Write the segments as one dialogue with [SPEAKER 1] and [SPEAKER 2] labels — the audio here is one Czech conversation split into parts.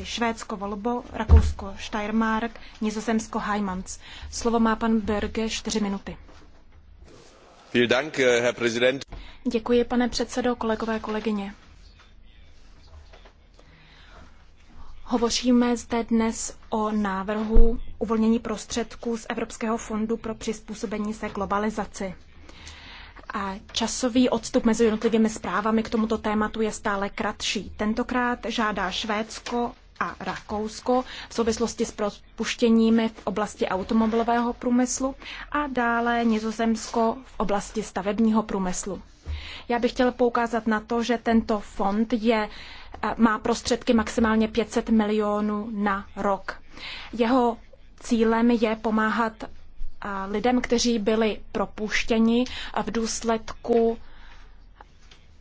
[SPEAKER 1] poslanci Švédsko Volbo, Rakousko Steiermark, Nizozemsko Heimans. Slovo má pan Berge 4 minuty.
[SPEAKER 2] Eh,
[SPEAKER 1] Děkuji, pane předsedo, kolegové, kolegyně. Hovoříme zde dnes o návrhu uvolnění prostředků z Evropského fondu pro přizpůsobení se globalizaci. A časový odstup mezi jednotlivými zprávami k tomuto tématu je stále kratší. Tentokrát žádá Švédsko a Rakousko v souvislosti s propuštěními v oblasti automobilového průmyslu a dále Nizozemsko v oblasti stavebního průmyslu. Já bych chtěla poukázat na to, že tento fond je, eh, má prostředky maximálně 500 milionů na rok. Jeho cílem je pomáhat eh, lidem, kteří byli propuštěni v důsledku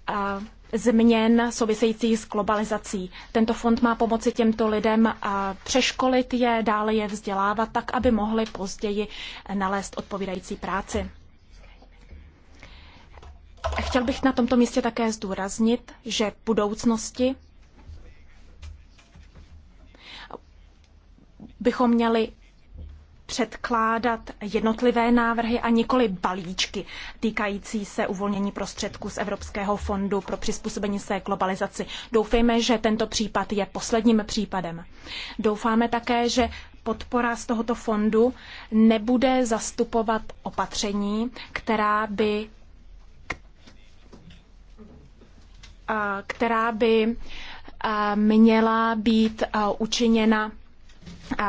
[SPEAKER 1] eh, změn souvisejících s globalizací. Tento fond má pomoci těmto lidem a přeškolit je, dále je vzdělávat tak, aby mohli později nalézt odpovídající práci. Chtěl bych na tomto místě také zdůraznit, že v budoucnosti bychom měli předkládat jednotlivé návrhy a nikoli balíčky týkající se uvolnění prostředků z Evropského fondu pro přizpůsobení se globalizaci. Doufejme, že tento případ je posledním případem. Doufáme také, že podpora z tohoto fondu nebude zastupovat opatření, která by která by měla být učiněna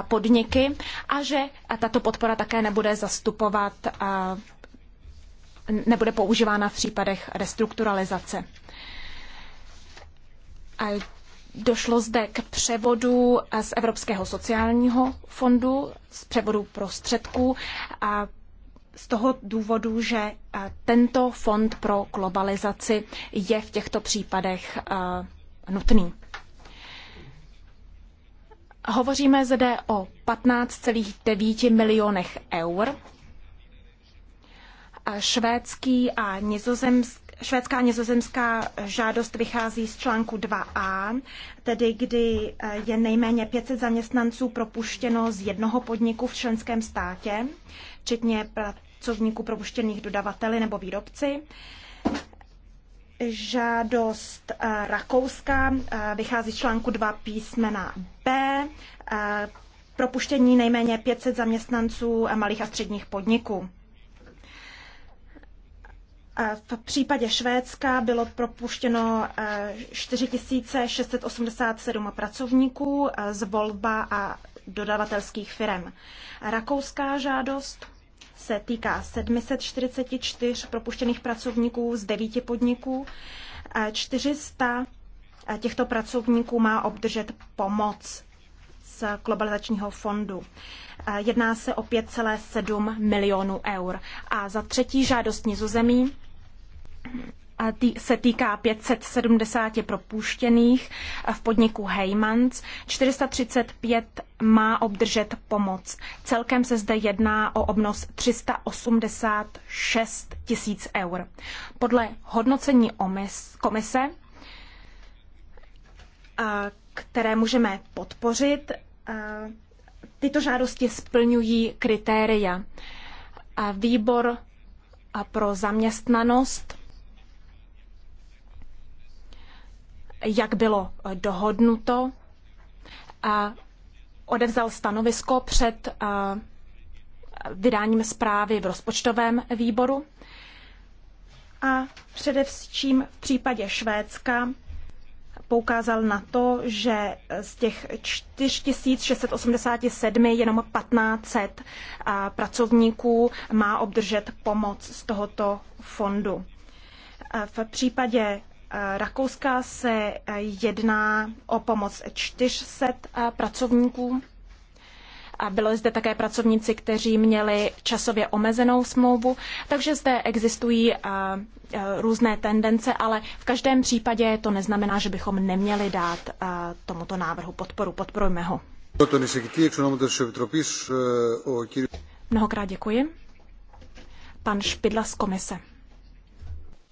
[SPEAKER 1] podniky a že tato podpora také nebude zastupovat nebude používána v případech restrukturalizace. Došlo zde k převodu z Evropského sociálního fondu, z převodu prostředků a z toho důvodu, že tento fond pro globalizaci je v těchto případech nutný. Hovoříme zde o 15,9 milionech eur. A švédský a nizozemský Švédská a nizozemská žádost vychází z článku 2a, tedy kdy eh, je nejméně 500 zaměstnanců propuštěno z jednoho podniku v členském státě, včetně pracovníků propuštěných dodavateli nebo výrobci žádost eh, Rakouska eh, vychází z článku 2 písmena B, eh, propuštění nejméně 500 zaměstnanců malých a středních podniků. V případě Švédska bylo propuštěno 4687 pracovníků z Volba a dodavatelských firm. Rakouská žádost se týká 744 propuštěných pracovníků z devíti podniků. 400 těchto pracovníků má obdržet pomoc z globalizačního fondu. Jedná se o 5,7 milionů eur. A za třetí žádost nizozemí se týká 570 propuštěných v podniku Heymans. 435 má obdržet pomoc. Celkem se zde jedná o obnos 386 tisíc eur. Podle hodnocení komise, které můžeme podpořit, tyto žádosti splňují kritéria. Výbor pro zaměstnanost jak bylo eh, dohodnuto, odevzal stanovisko před eh, vydáním zprávy v rozpočtovém výboru a především v případě Švédska poukázal na to, že z těch 4687 jenom 1500 eh, pracovníků má obdržet pomoc z tohoto fondu. V případě Rakouska se jedná o pomoc 400 eh, pracovníků. A byli zde také pracovníci, kteří měli časově omezenou smlouvu, takže zde existují eh, eh, různé tendence, ale v každém případě to neznamená, že bychom neměli dát tomuto návrhu podporu. Podporujme ho. Mnohokrát děkuji. Pan Špidla z komise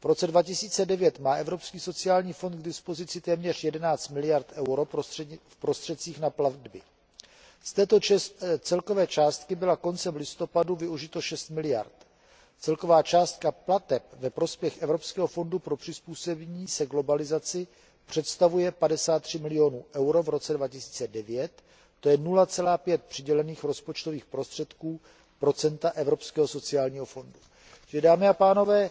[SPEAKER 3] v roce two thousand and nine má evropský sociální fond k dispozici téměř eleven miliard eur v prostředcích na platby. z této eh, celkové částky byla koncem listopadu využito six miliard. celková částka plateb ve prospěch evropského fondu pro přizpůsobení se globalizaci představuje fifty three milionů eur v roce two thousand and nine to je zero five přidělených rozpočtových prostředků procenta evropského sociálního fondu. čili dámy a pánové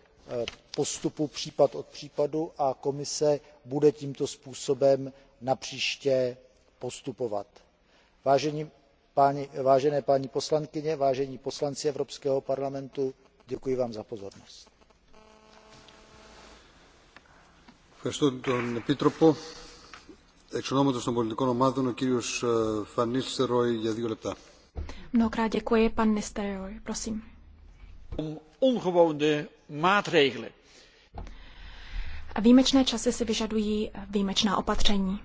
[SPEAKER 3] postupu případ od případu a komise bude tímto způsobem napříště postupovat. vážené paní poslankyně vážení poslanci evropského parlamentu děkuji vám za pozornost.
[SPEAKER 1] mnohokrát děkuji pan nistelrooij prosím om
[SPEAKER 4] ongewone maatregelen.
[SPEAKER 1] Výjimečné časy si vyžadují výjimečná opatření.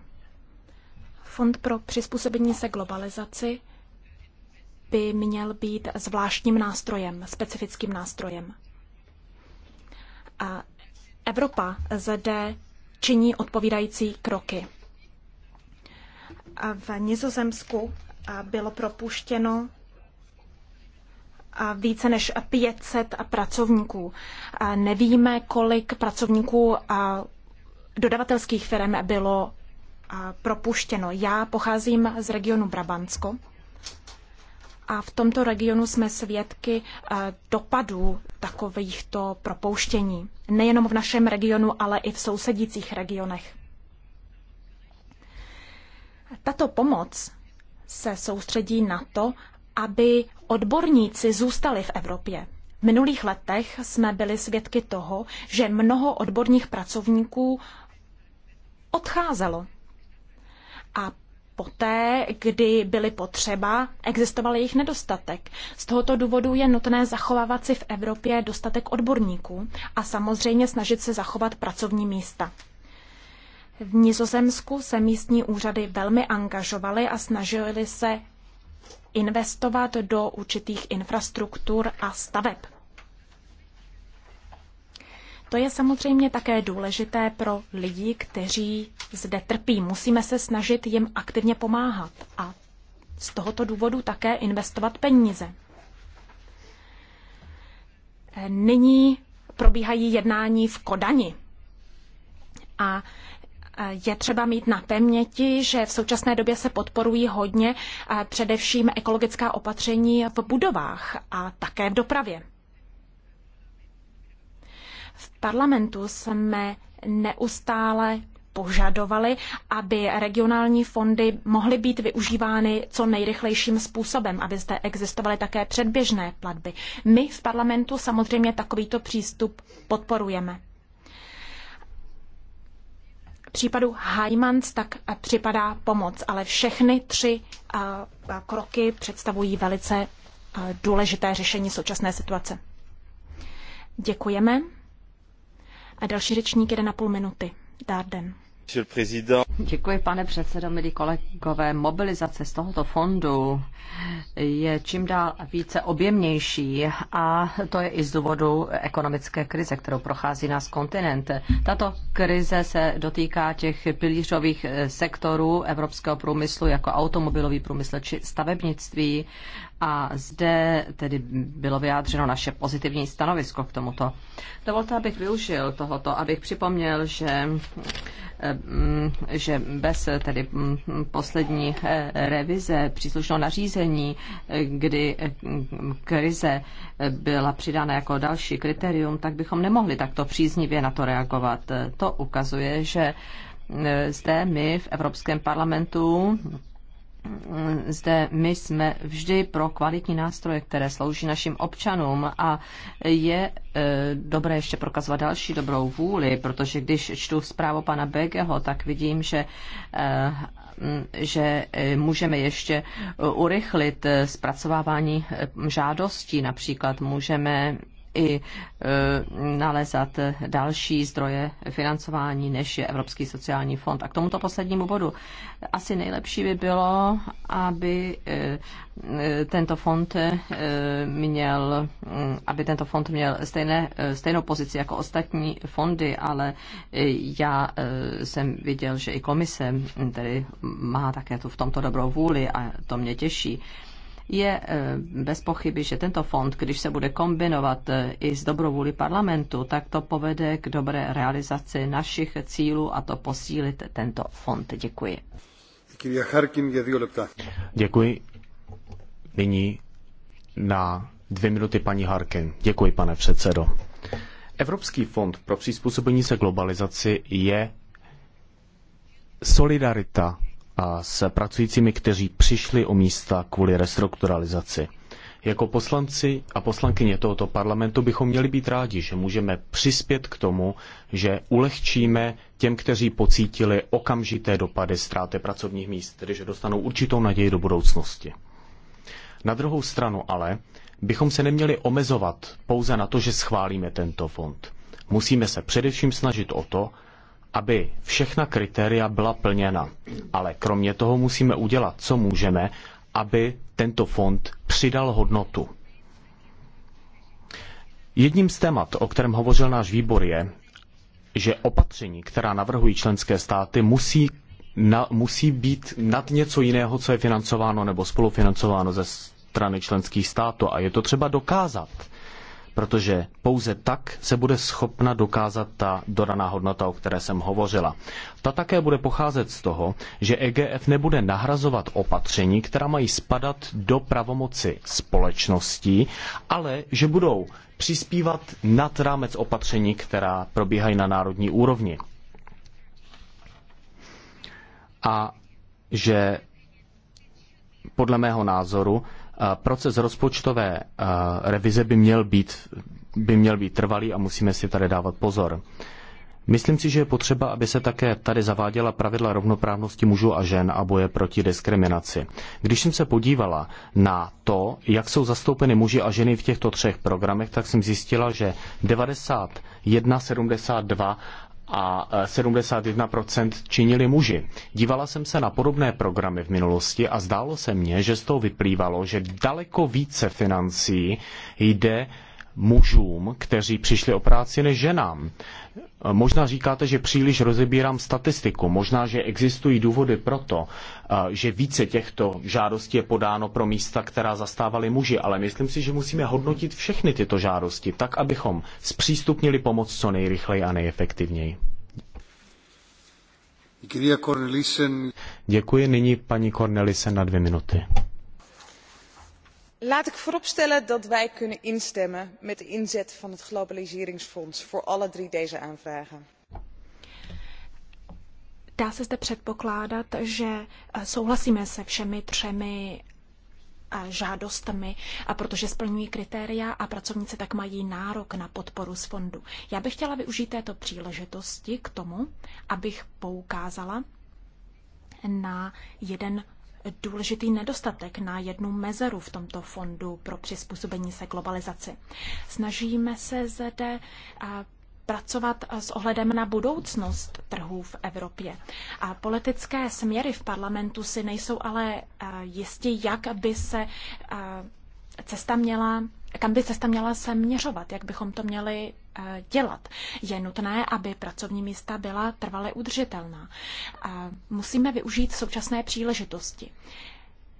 [SPEAKER 1] Fond pro přizpůsobení se globalizaci by měl být zvláštním nástrojem, specifickým nástrojem. A Evropa zde činí odpovídající kroky. A v Nizozemsku bylo propuštěno více než 500 pracovníků. Nevíme, kolik pracovníků dodavatelských firm bylo propuštěno. Já pocházím z regionu Brabantsko a v tomto regionu jsme svědky dopadů takovýchto propouštění. Nejenom v našem regionu, ale i v sousedících regionech. Tato pomoc se soustředí na to, aby odborníci zůstali v Evropě. V minulých letech jsme byli svědky toho, že mnoho odborných pracovníků odcházelo. A poté, kdy byly potřeba, existoval jejich nedostatek. Z tohoto důvodu je nutné zachovávat si v Evropě dostatek odborníků a samozřejmě snažit se zachovat pracovní místa. V Nizozemsku se místní úřady velmi angažovaly a snažili se investovat do určitých infrastruktur a staveb. To je samozřejmě také důležité pro lidi, kteří zde trpí. Musíme se snažit jim aktivně pomáhat a z tohoto důvodu také investovat peníze. Nyní probíhají jednání v Kodani. A je třeba mít na paměti, že v současné době se podporují hodně především ekologická opatření v budovách a také v dopravě. V parlamentu jsme neustále požadovali, aby regionální fondy mohly být využívány co nejrychlejším způsobem, aby zde existovaly také předběžné platby. My v parlamentu samozřejmě takovýto přístup podporujeme případu Heimans tak eh, připadá pomoc, ale všechny tři eh, eh, kroky představují velice důležité řešení současné situace. Děkujeme. A další řečník na půl minuty. Darden. Děkuji, pane
[SPEAKER 5] předsedo, milí kolegové. Mobilizace z tohoto fondu je čím dál více objemnější a to je i z důvodu ekonomické krize, kterou prochází nás kontinent. Tato krize se dotýká těch pilířových sektorů evropského průmyslu, jako automobilový průmysl či stavebnictví a zde tedy bylo vyjádřeno naše pozitivní stanovisko k tomuto. Dovolte, abych využil tohoto, abych připomněl, že eh, že bez tedy poslední eh, revize příslušného nařízení, eh, kdy krize byla přidána jako další kritérium, tak bychom nemohli takto příznivě na to reagovat. To ukazuje, že zde my v Evropském parlamentu zde my jsme vždy pro kvalitní nástroje, které slouží našim občanům a je e, dobré ještě prokazovat další dobrou vůli, protože když čtu zprávu pana Begeho, tak vidím, že e, že e, můžeme ještě urychlit zpracovávání žádostí, například můžeme i e, nalézat další zdroje financování, než je Evropský sociální fond. A k tomuto poslednímu bodu. Asi nejlepší by bylo, aby e, e, tento fond měl, mm, aby tento fond měl stejné, stejnou pozici jako ostatní fondy, ale já jsem viděl, že i komise tedy má také tu v tomto dobrou vůli a to mě těší je eh, bez pochyby, že tento fond, když se bude kombinovat eh, i s dobrou vůli parlamentu, tak to povede k dobré realizaci našich cílů a to posílit tento fond. Děkuji.
[SPEAKER 6] Děkuji. Nyní na dvě minuty paní Harkin. Děkuji, pane předsedo. Evropský fond pro přizpůsobení se globalizaci je solidarita a s pracujícími, kteří přišli o místa kvůli restrukturalizaci. Jako poslanci a poslankyně tohoto parlamentu bychom měli být rádi, že můžeme přispět k tomu, že ulehčíme těm, kteří pocítili okamžité dopady ztráty pracovních míst, tedy že dostanou určitou naději do budoucnosti. Na druhou stranu ale bychom se neměli omezovat pouze na to, že schválíme tento fond. Musíme se především snažit o to, aby všechna kritéria byla plněna. Ale kromě toho musíme udělat, co můžeme, aby tento fond přidal hodnotu. Jedním z témat, o kterém hovořil náš výbor, je, že opatření, která navrhují členské státy, musí, na, musí být nad něco jiného, co je financováno nebo spolufinancováno ze strany členských států. A je to třeba dokázat protože pouze tak se bude schopna dokázat ta dodaná hodnota, o které jsem hovořila. Ta také bude pocházet z toho, že EGF nebude nahrazovat opatření, která mají spadat do pravomoci společností, ale že budou přispívat nad rámec opatření, která probíhají na národní úrovni. A že podle mého názoru proces rozpočtové revize by měl být, by měl být trvalý a musíme si tady dávat pozor. Myslím si, že je potřeba, aby se také tady zaváděla pravidla rovnoprávnosti mužů a žen a boje proti diskriminaci. Když jsem se podívala na to, jak jsou zastoupeny muži a ženy v těchto třech programech, tak jsem zjistila, že 91.72 a 71% e, činili muži. Dívala jsem se na podobné programy v minulosti a zdálo se mně, že z toho vyplývalo, že daleko více financí jde mužům, kteří přišli o práci, než ženám. Možná říkáte, že příliš rozebírám statistiku, možná, že existují důvody pro to, eh, že více těchto žádostí je podáno pro místa, která zastávali muži, ale myslím si, že musíme hodnotit všechny tyto žádosti tak, abychom zpřístupnili pomoc co nejrychleji a nejefektivněji. Děkuji nyní paní Cornelisen na dvě minuty
[SPEAKER 1] laat ik vooropstellen dat wij kunnen instemmen met de inzet van het globaliseringsfonds voor alle drie deze aanvragen. Dá se zde předpokládat, že eh, souhlasíme se všemi třemi eh, žádostmi, a protože splňují kritéria a pracovníci tak mají nárok na podporu z fondu. Já bych chtěla využít této příležitosti k tomu, abych poukázala na jeden důležitý nedostatek, na jednu mezeru v tomto fondu pro přizpůsobení se globalizaci. Snažíme se zde pracovat s ohledem na budoucnost trhů v Evropě. A politické směry v parlamentu si nejsou ale jistí, jak by se cesta měla kam by cesta měla se měřovat, jak bychom to měli eh, dělat. Je nutné, aby pracovní místa byla trvale udržitelná. Musíme využít současné příležitosti.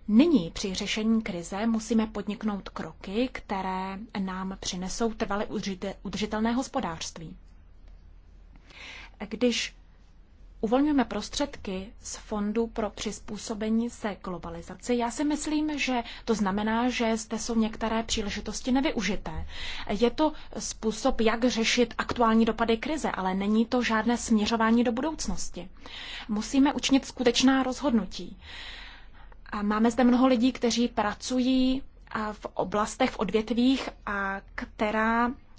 [SPEAKER 1] Nyní při řešení krize musíme podniknout kroky, které nám přinesou trvale udržitelné hospodářství. Když uvolňujeme prostředky z Fondu pro přizpůsobení se globalizaci, já si myslím, že to znamená, že zde jsou některé příležitosti nevyužité. Je to způsob, jak řešit aktuální dopady krize, ale není to žádné směřování do budoucnosti. Musíme učinit skutečná rozhodnutí. A máme zde mnoho lidí, kteří pracují v oblastech, v odvětvích, a která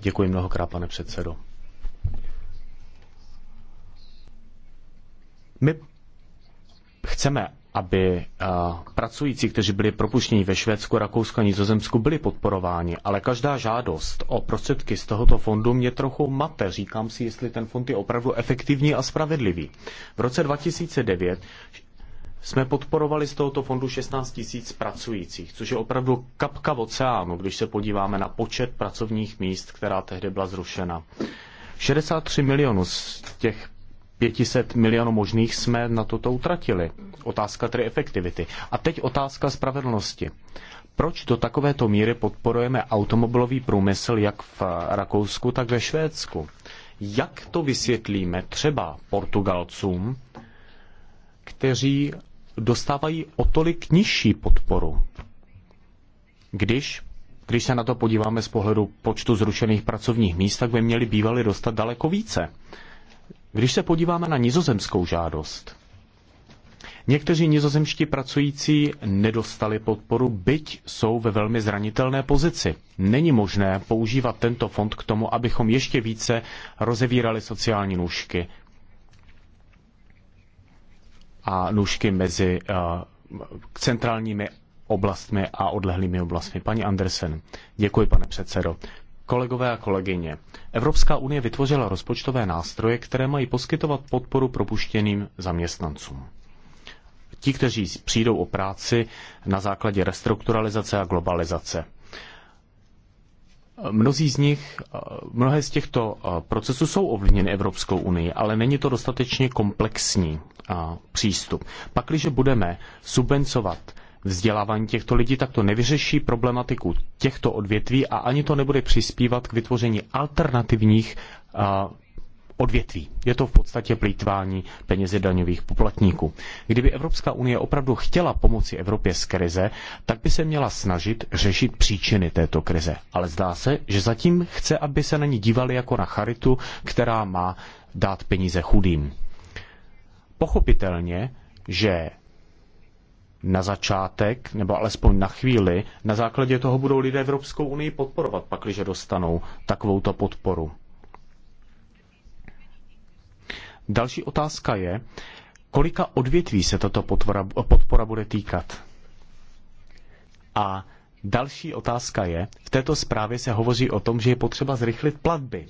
[SPEAKER 6] Děkuji mnohokrát, pane předsedo. My chceme, aby pracující, kteří byli propuštěni ve Švédsku, Rakousku a Nizozemsku, byli podporováni, ale každá žádost o prostředky z tohoto fondu mě trochu mate. Říkám si, jestli ten fond je opravdu efektivní a spravedlivý. V roce 2009 jsme podporovali z tohoto fondu 16 tisíc pracujících, což je opravdu kapka v oceánu, když se podíváme na počet pracovních míst, která tehdy byla zrušena. 63 milionů z těch 500 milionů možných jsme na toto utratili. Otázka tedy efektivity. A teď otázka spravedlnosti. Proč do takovéto míry podporujeme automobilový průmysl jak v Rakousku, tak ve Švédsku? Jak to vysvětlíme třeba Portugalcům, kteří dostávají o tolik nižší podporu. Když, když se na to podíváme z pohledu počtu zrušených pracovních míst, tak by měli bývali dostat daleko více. Když se podíváme na nizozemskou žádost, Někteří nizozemští pracující nedostali podporu, byť jsou ve velmi zranitelné pozici. Není možné používat tento fond k tomu, abychom ještě více rozevírali sociální nůžky a nůžky mezi eh, centrálními oblastmi a odlehlými oblastmi. Paní Andersen, děkuji, pane předsedo. Kolegové a kolegyně, Evropská unie vytvořila rozpočtové nástroje, které mají poskytovat podporu propuštěným zaměstnancům. Ti, kteří přijdou o práci na základě restrukturalizace a globalizace. Mnozí z nich, eh, mnohé z těchto eh, procesů jsou ovlivněny Evropskou unii, ale není to dostatečně komplexní přístup. Pakliže budeme subvencovat vzdělávání těchto lidí, tak to nevyřeší problematiku těchto odvětví a ani to nebude přispívat k vytvoření alternativních odvětví. Je to v podstatě plýtvání penězi daňových poplatníků. Kdyby Evropská unie opravdu chtěla pomoci Evropě z krize, tak by se měla snažit řešit příčiny této krize. Ale zdá se, že zatím chce, aby se na ní dívali jako na charitu, která má dát peníze chudým. Pochopitelně, že na začátek, nebo alespoň na chvíli, na základě toho budou lidé Evropskou unii podporovat, pakliže dostanou takovouto podporu. Další otázka je, kolika odvětví se tato podpora, podpora bude týkat? A další otázka je, v této zprávě se hovoří o tom, že je potřeba zrychlit platby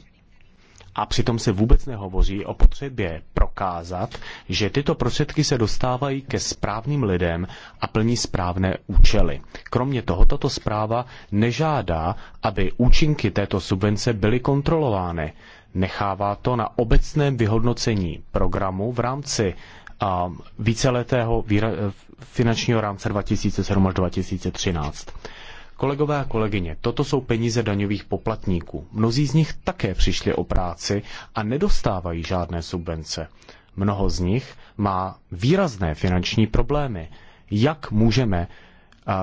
[SPEAKER 6] a přitom se vůbec nehovoří o potřebě prokázat, že tyto prostředky se dostávají ke správným lidem a plní správné účely. Kromě toho tato zpráva nežádá, aby účinky této subvence byly kontrolovány. Nechává to na obecném vyhodnocení programu v rámci a víceletého finančního rámce 2007 až 2013. Kolegové a kolegyně, toto jsou peníze daňových poplatníků. Mnozí z nich také přišli o práci a nedostávají žádné subvence. Mnoho z nich má výrazné finanční problémy. Jak můžeme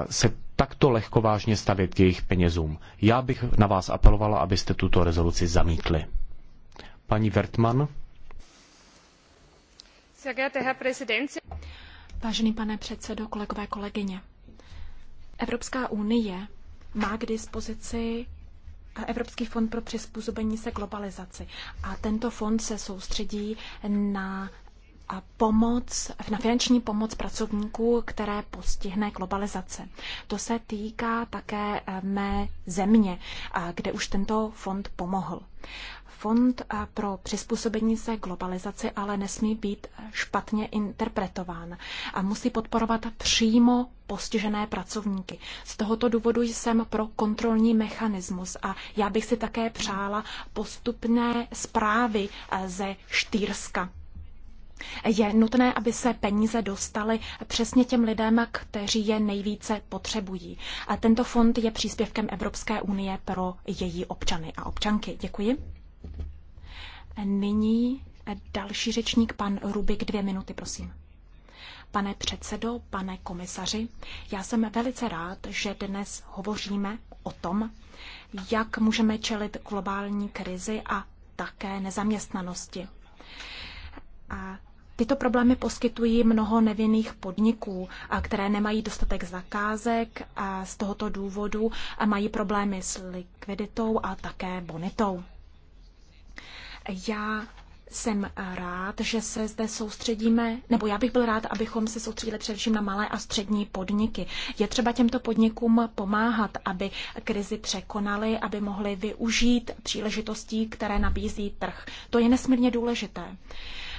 [SPEAKER 6] se takto lehkovážně stavět k jejich penězům? Já bych na vás apelovala, abyste tuto rezoluci zamítli. Paní Vertman.
[SPEAKER 1] Vážený pane předsedo, kolegové, kolegyně. Evropská unie má k dispozici eh, Evropský fond pro přizpůsobení se globalizaci. A tento fond se soustředí na a pomoc, na finanční pomoc pracovníků, které postihne globalizace. To se týká také eh, mé země, eh, kde už tento fond pomohl. Fond eh, pro přizpůsobení se globalizaci ale nesmí být špatně interpretován a musí podporovat přímo postižené pracovníky. Z tohoto důvodu jsem pro kontrolní mechanismus a já bych si také přála postupné zprávy ze Štýrska je nutné, aby se peníze dostaly přesně těm lidem, kteří je nejvíce potřebují. A tento fond je příspěvkem Evropské unie pro její občany a občanky. Děkuji. Nyní další řečník, pan Rubik, dvě minuty, prosím. Pane předsedo, pane komisaři, já jsem velice rád, že dnes hovoříme o tom, jak můžeme čelit globální krizi a také nezaměstnanosti. A tyto problémy poskytují mnoho nevinných podniků, a které nemají dostatek zakázek a z tohoto důvodu a mají problémy s likviditou a také bonitou. Já jsem rád, že se zde soustředíme, nebo já bych byl rád, abychom se soustředili především na malé a střední podniky. Je třeba těmto podnikům pomáhat, aby krizi překonali, aby mohli využít příležitostí, které nabízí trh. To je nesmírně důležité.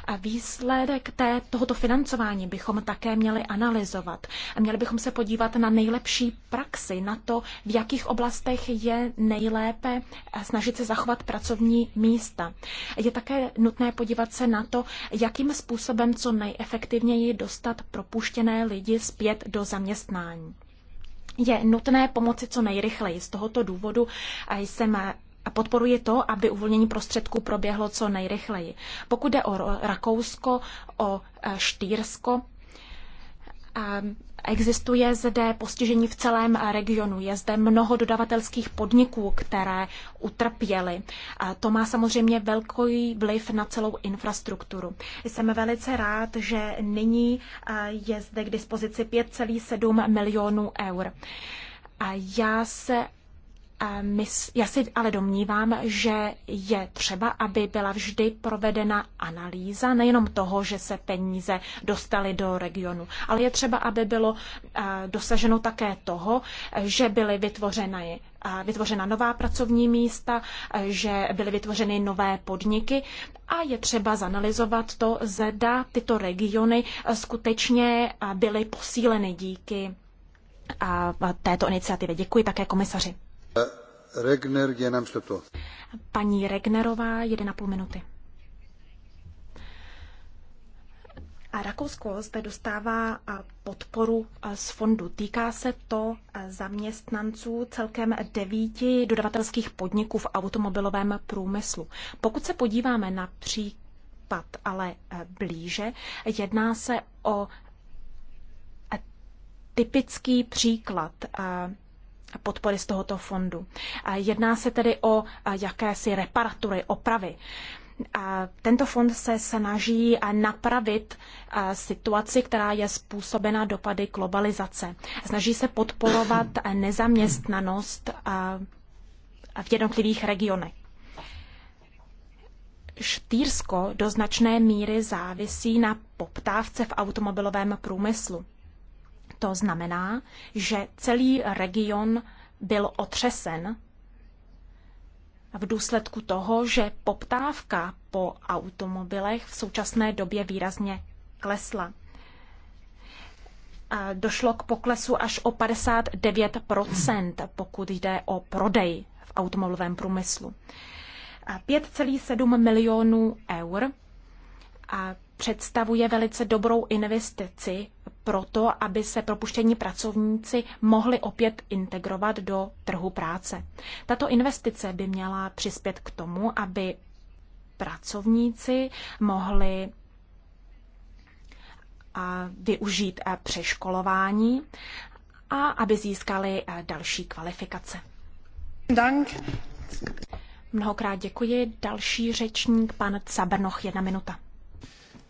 [SPEAKER 1] A výsledek té, tohoto financování bychom také měli analyzovat. A měli bychom se podívat na nejlepší praxi, na to, v jakých oblastech je nejlépe eh, snažit se zachovat pracovní místa. Je také nutné podívat se na to, jakým způsobem co nejefektivněji dostat propuštěné lidi zpět do zaměstnání je nutné pomoci co nejrychleji. Z tohoto důvodu eh, jsem eh, podporuji to, aby uvolnění prostředků proběhlo co nejrychleji. Pokud jde o Rakousko, o e, Štýrsko, Existuje zde postižení v celém regionu. Je zde mnoho dodavatelských podniků, které utrpěly. A to má samozřejmě velký vliv na celou infrastrukturu. Jsem velice rád, že nyní je zde k dispozici 5,7 milionů eur. A já se já si ale domnívám, že je třeba, aby byla vždy provedena analýza nejenom toho, že se peníze dostaly do regionu, ale je třeba, aby bylo dosaženo také toho, že byly vytvořeny vytvořena nová pracovní místa, že byly vytvořeny nové podniky a je třeba zanalizovat to, zda tyto regiony skutečně byly posíleny díky této iniciativě. Děkuji také komisaři.
[SPEAKER 4] Regner, je nám to.
[SPEAKER 1] Paní Regnerová, minuty. A Rakousko zde dostává podporu z fondu. Týká se to zaměstnanců celkem devíti dodavatelských podniků v automobilovém průmyslu. Pokud se podíváme na případ ale e, blíže, jedná se o e, typický příklad podpory z tohoto fondu. Jedná se tedy o jakési reparatury, opravy. Tento fond se snaží napravit situaci, která je způsobena dopady globalizace. Snaží se podporovat nezaměstnanost v jednotlivých regionech. Štýrsko do značné míry závisí na poptávce v automobilovém průmyslu. To znamená, že celý region byl otřesen v důsledku toho, že poptávka po automobilech v současné době výrazně klesla. Došlo k poklesu až o 59 pokud jde o prodej v automobilovém průmyslu. 5,7 milionů eur představuje velice dobrou investici pro to, aby se propuštění pracovníci mohli opět integrovat do trhu práce. Tato investice by měla přispět k tomu, aby pracovníci mohli využít přeškolování a aby získali další kvalifikace. Dank. Mnohokrát děkuji. Další řečník, pan Cabernoch, jedna minuta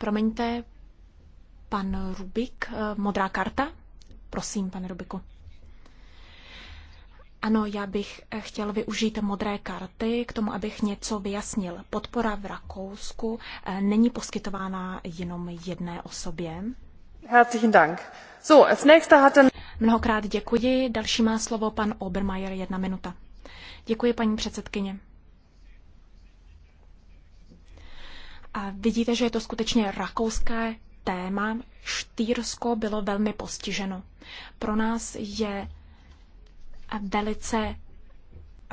[SPEAKER 1] Promiňte, pan Rubik, eh, modrá karta. Prosím, pane Rubiku. Ano, já bych eh, chtěl využít modré karty k tomu, abych něco vyjasnil. Podpora v Rakousku eh, není poskytována jenom jedné osobě. Herzlichen Dank. So, als nächster hatte... Mnohokrát děkuji. Další má slovo pan Obermeier, jedna minuta. Děkuji, paní předsedkyně. A vidíte, že je to skutečně rakouské téma. Štýrsko bylo velmi postiženo. Pro nás je velice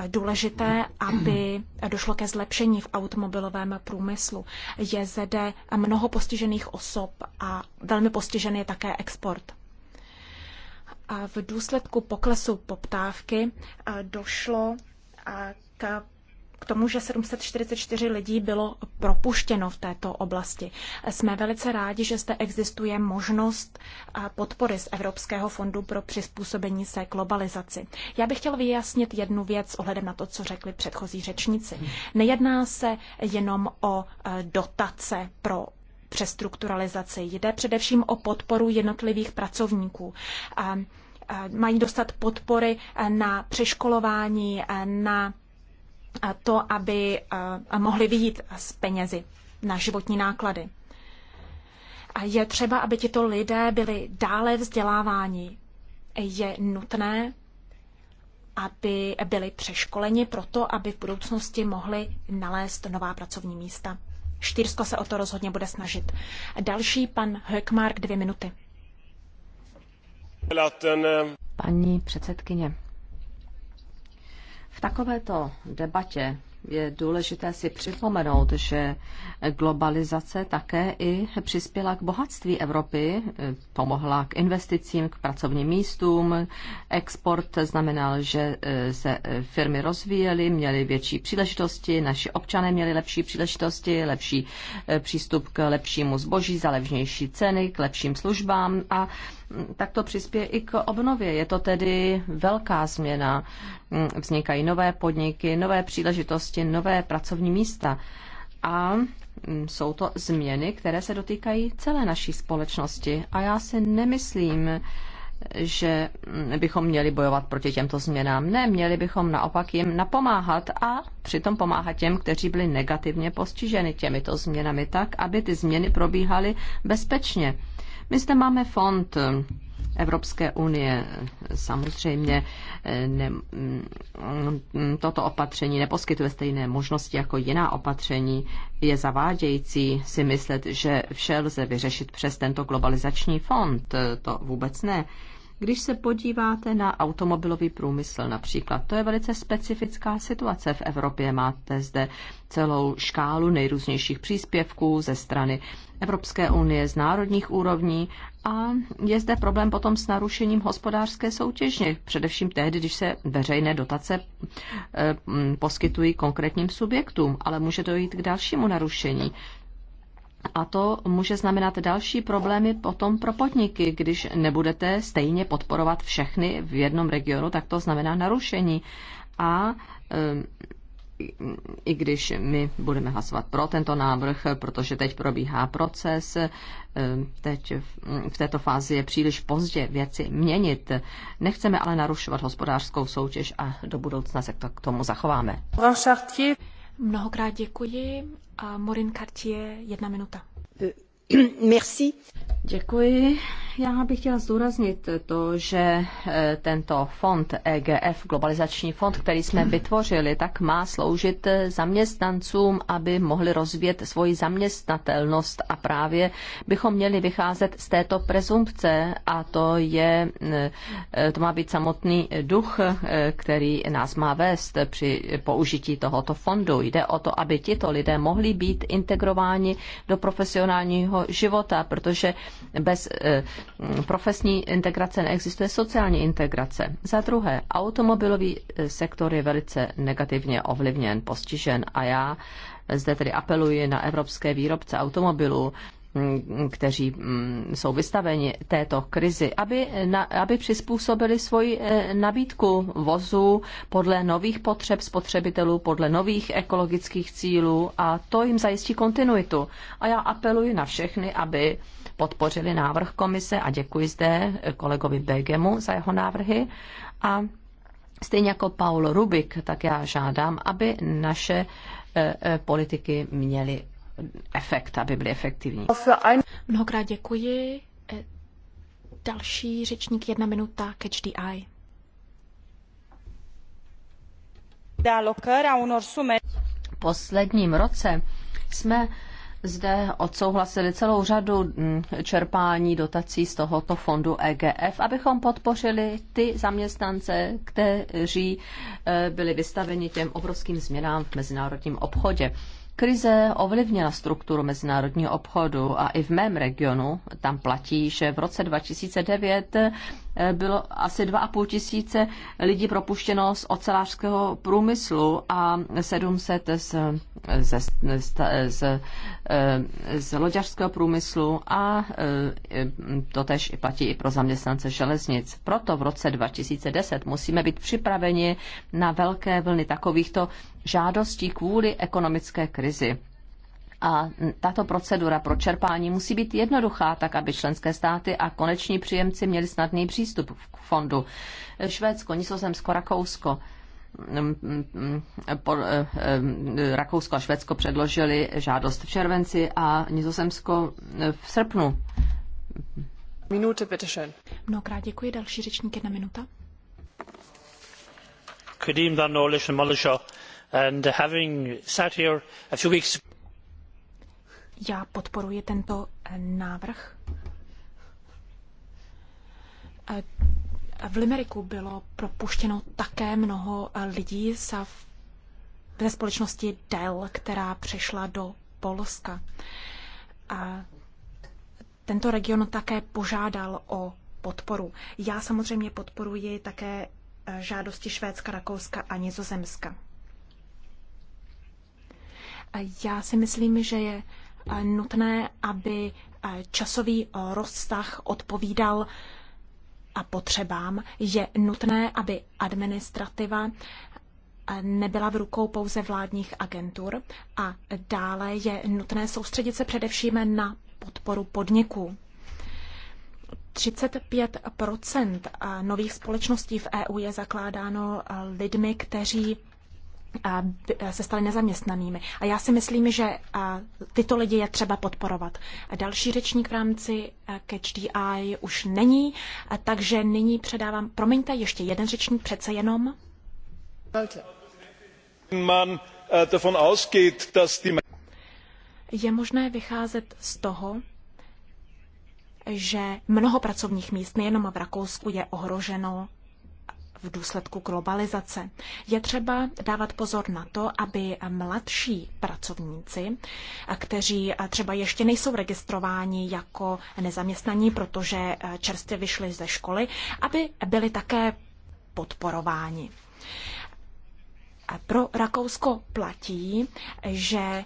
[SPEAKER 1] důležité, aby došlo ke zlepšení v automobilovém průmyslu. Je zde mnoho postižených osob a velmi postižený je také export. A v důsledku poklesu poptávky došlo k k tomu, že 744 lidí bylo propuštěno v této oblasti. Jsme velice rádi, že zde existuje možnost podpory z Evropského fondu pro přizpůsobení se globalizaci. Já bych chtěl vyjasnit jednu věc ohledem na to, co řekli předchozí řečníci. Nejedná se jenom o dotace pro přestrukturalizaci. Jde především o podporu jednotlivých pracovníků mají dostat podpory na přeškolování, na to, aby eh, mohli vyjít z penězi na životní náklady. A je třeba, aby tito lidé byli dále vzděláváni. Je nutné, aby byli přeškoleni proto, aby v budoucnosti mohli nalézt nová pracovní místa. Štýrsko se o to rozhodně bude snažit. Další pan Hökmark, dvě minuty. Eh, Paní předsedkyně,
[SPEAKER 5] v takovéto debatě je důležité si připomenout, že globalizace také i přispěla k bohatství Evropy, pomohla k investicím, k pracovním místům. Export znamenal, že e, se e, firmy rozvíjely, měly větší příležitosti, naši občané měli lepší příležitosti, lepší e, přístup k lepšímu zboží za levnější ceny, k lepším službám a tak to přispěje i k obnově. Je to tedy velká změna. Vznikají nové podniky, nové příležitosti, nové pracovní místa. A jsou to změny, které se dotýkají celé naší společnosti. A já si nemyslím, že bychom měli bojovat proti těmto změnám. Ne, měli bychom naopak jim napomáhat a přitom pomáhat těm, kteří byli negativně postiženi těmito změnami tak, aby ty změny probíhaly bezpečně my zde máme fond eh, Evropské unie. Samozřejmě eh, ne, mm, toto opatření neposkytuje stejné možnosti jako jiná opatření. Je zavádějící si myslet, že vše lze vyřešit přes tento globalizační fond. Eh, to vůbec ne. Když se podíváte na automobilový průmysl například, to je velice specifická situace v Evropě. Máte zde celou škálu nejrůznějších příspěvků ze strany Evropské unie z národních úrovní a je zde problém potom s narušením hospodářské soutěže, především tehdy, když se veřejné dotace eh, poskytují konkrétním subjektům, ale může dojít k dalšímu narušení. A to může znamenat další problémy potom pro podniky. Když nebudete stejně podporovat všechny v jednom regionu, tak to znamená narušení. A i když my budeme hlasovat pro tento návrh, protože teď probíhá proces, teď v této fázi je příliš pozdě věci měnit. Nechceme ale narušovat hospodářskou soutěž a do budoucna se k tomu zachováme.
[SPEAKER 1] Mnohokrát děkuji. A Morin Cartier, jedna minuta. Merci. Děkuji. Já bych chtěla
[SPEAKER 5] zdůraznit to, že eh, tento fond EGF, globalizační fond, který jsme vytvořili, tak má sloužit eh, zaměstnancům, aby mohli rozvíjet svoji zaměstnatelnost a právě bychom měli vycházet z této prezumpce a to je, eh, to má být samotný duch, který nás má vést při použití tohoto fondu. Jde o to, aby tito lidé mohli být integrováni do profesionálního profesního života, protože bez eh, profesní integrace neexistuje sociální integrace. Za druhé, automobilový eh, sektor je velice negativně ovlivněn, postižen a já zde tedy apeluji na evropské výrobce automobilů, Mm, kteří mm, jsou vystaveni této krizi, aby, na, aby přizpůsobili svoji eh, nabídku vozů podle nových potřeb spotřebitelů, podle nových ekologických cílů a to jim zajistí kontinuitu. A já apeluji na všechny, aby podpořili návrh komise a děkuji zde kolegovi Begemu za jeho návrhy a Stejně jako Paul Rubik, tak já žádám, aby naše eh, eh, politiky měly efekt, aby byly efektivní.
[SPEAKER 1] Mnohokrát děkuji. E, další řečník jedna minuta, catch the eye.
[SPEAKER 5] Posledním roce jsme zde odsouhlasili celou řadu mm, čerpání dotací z tohoto fondu EGF, abychom podpořili ty zaměstnance, kteří e, byli vystaveni těm obrovským změnám v mezinárodním obchodě. Krize ovlivnila strukturu mezinárodního obchodu a i v mém regionu tam platí, že v roce 2009 eh, bylo asi 2,5 tisíce lidí propuštěno z ocelářského průmyslu a 700 z, z, z, eh, z, z loďařského průmyslu a eh, to tež platí i pro zaměstnance železnic. Proto v roce 2010 musíme být připraveni na velké vlny takovýchto žádostí kvůli ekonomické krizi. A tato procedura pro čerpání musí být jednoduchá, tak aby členské státy a koneční příjemci měli snadný přístup k fondu. Švédsko, Nizozemsko, Rakousko. Mm, mm, eh, eh, Rakousko a Švédsko předložili žádost v červenci a Nizozemsko eh, v srpnu. Minute, bitte schön.
[SPEAKER 1] Mnohokrát děkuji. Další řečník, jedna minuta.
[SPEAKER 2] Kedim dan
[SPEAKER 5] and having sat here a few weeks
[SPEAKER 1] já podporuji tento eh, návrh. Eh, v Limeriku bylo propuštěno také mnoho eh, lidí ze společnosti Dell, která přešla do Polska. A tento region také požádal o podporu. Já samozřejmě podporuji také žádosti Švédska, Rakouska a Nizozemska. Já si myslím, že je nutné, aby časový rozsah odpovídal a potřebám. Je nutné, aby administrativa nebyla v rukou pouze vládních agentur a dále je nutné soustředit se především na podporu podniků. 35 nových společností v EU je zakládáno lidmi, kteří se stali nezaměstnanými. A já si myslím, že tyto lidi je třeba podporovat. Další řečník v rámci Catch Eye už není, takže nyní předávám, promiňte, ještě jeden řečník přece jenom. Eh, je možné vycházet z toho, že mnoho pracovních míst nejenom v Rakousku je ohroženo v důsledku globalizace. Je třeba dávat pozor na to, aby mladší pracovníci, kteří třeba ještě nejsou registrováni jako nezaměstnaní, protože e, čerstvě vyšli ze školy, aby byli také podporováni. Pro Rakousko platí, že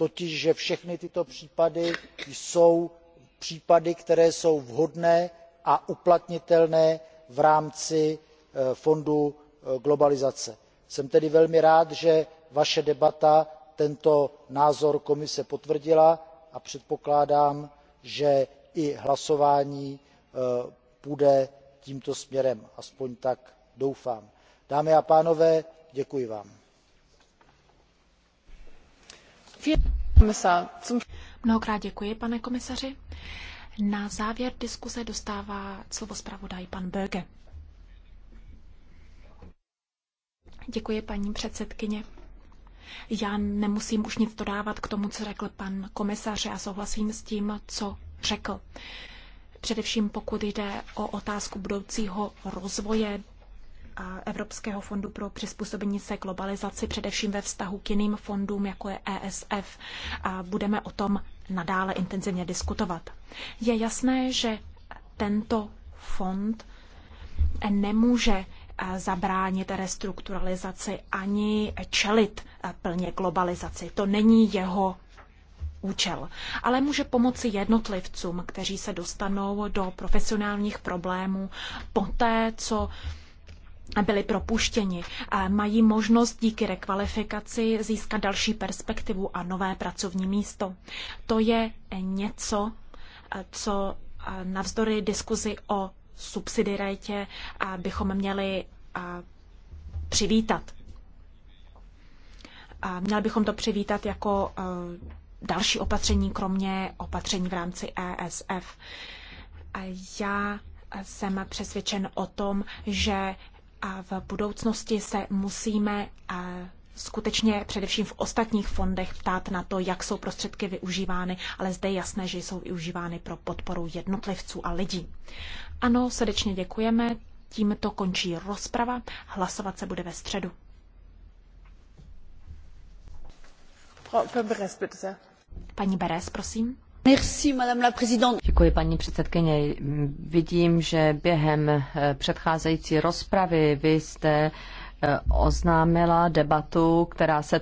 [SPEAKER 3] totiž že všechny tyto případy jsou případy které jsou vhodné a uplatnitelné v rámci e, fondu e, globalizace. jsem tedy velmi rád že vaše debata tento názor komise potvrdila a předpokládám že i hlasování e, půjde tímto směrem aspoň tak doufám. dámy a pánové děkuji vám.
[SPEAKER 1] Mnohokrát děkuji, pane komisaři. Na závěr diskuse dostává slovo zpravodaj pan Böge. Děkuji, paní předsedkyně. Já nemusím už nic dodávat k tomu, co řekl pan komisař a souhlasím s tím, co řekl. Především pokud jde o otázku budoucího rozvoje Evropského fondu pro přizpůsobení se globalizaci, především ve vztahu k jiným fondům, jako je ESF. A budeme o tom nadále intenzivně diskutovat. Je jasné, že tento fond nemůže eh, zabránit restrukturalizaci ani čelit eh, plně globalizaci. To není jeho účel, ale může pomoci jednotlivcům, kteří se dostanou do profesionálních problémů poté, co byli propuštěni, mají možnost díky rekvalifikaci získat další perspektivu a nové pracovní místo. To je něco, co navzdory diskuzi o subsidiaritě bychom měli přivítat. Měli bychom to přivítat jako další opatření, kromě opatření v rámci ESF. Já jsem přesvědčen o tom, že a v budoucnosti se musíme eh, skutečně především v ostatních fondech ptát na to, jak jsou prostředky využívány, ale zde je jasné, že jsou využívány pro podporu jednotlivců a lidí. Ano, srdečně děkujeme. Tímto končí rozprava. Hlasovat se bude ve středu. Paní Beres, prosím. Děkuji,
[SPEAKER 5] paní předsedkyně. Vidím, že během eh, předcházející rozpravy vy jste eh, oznámila debatu, která se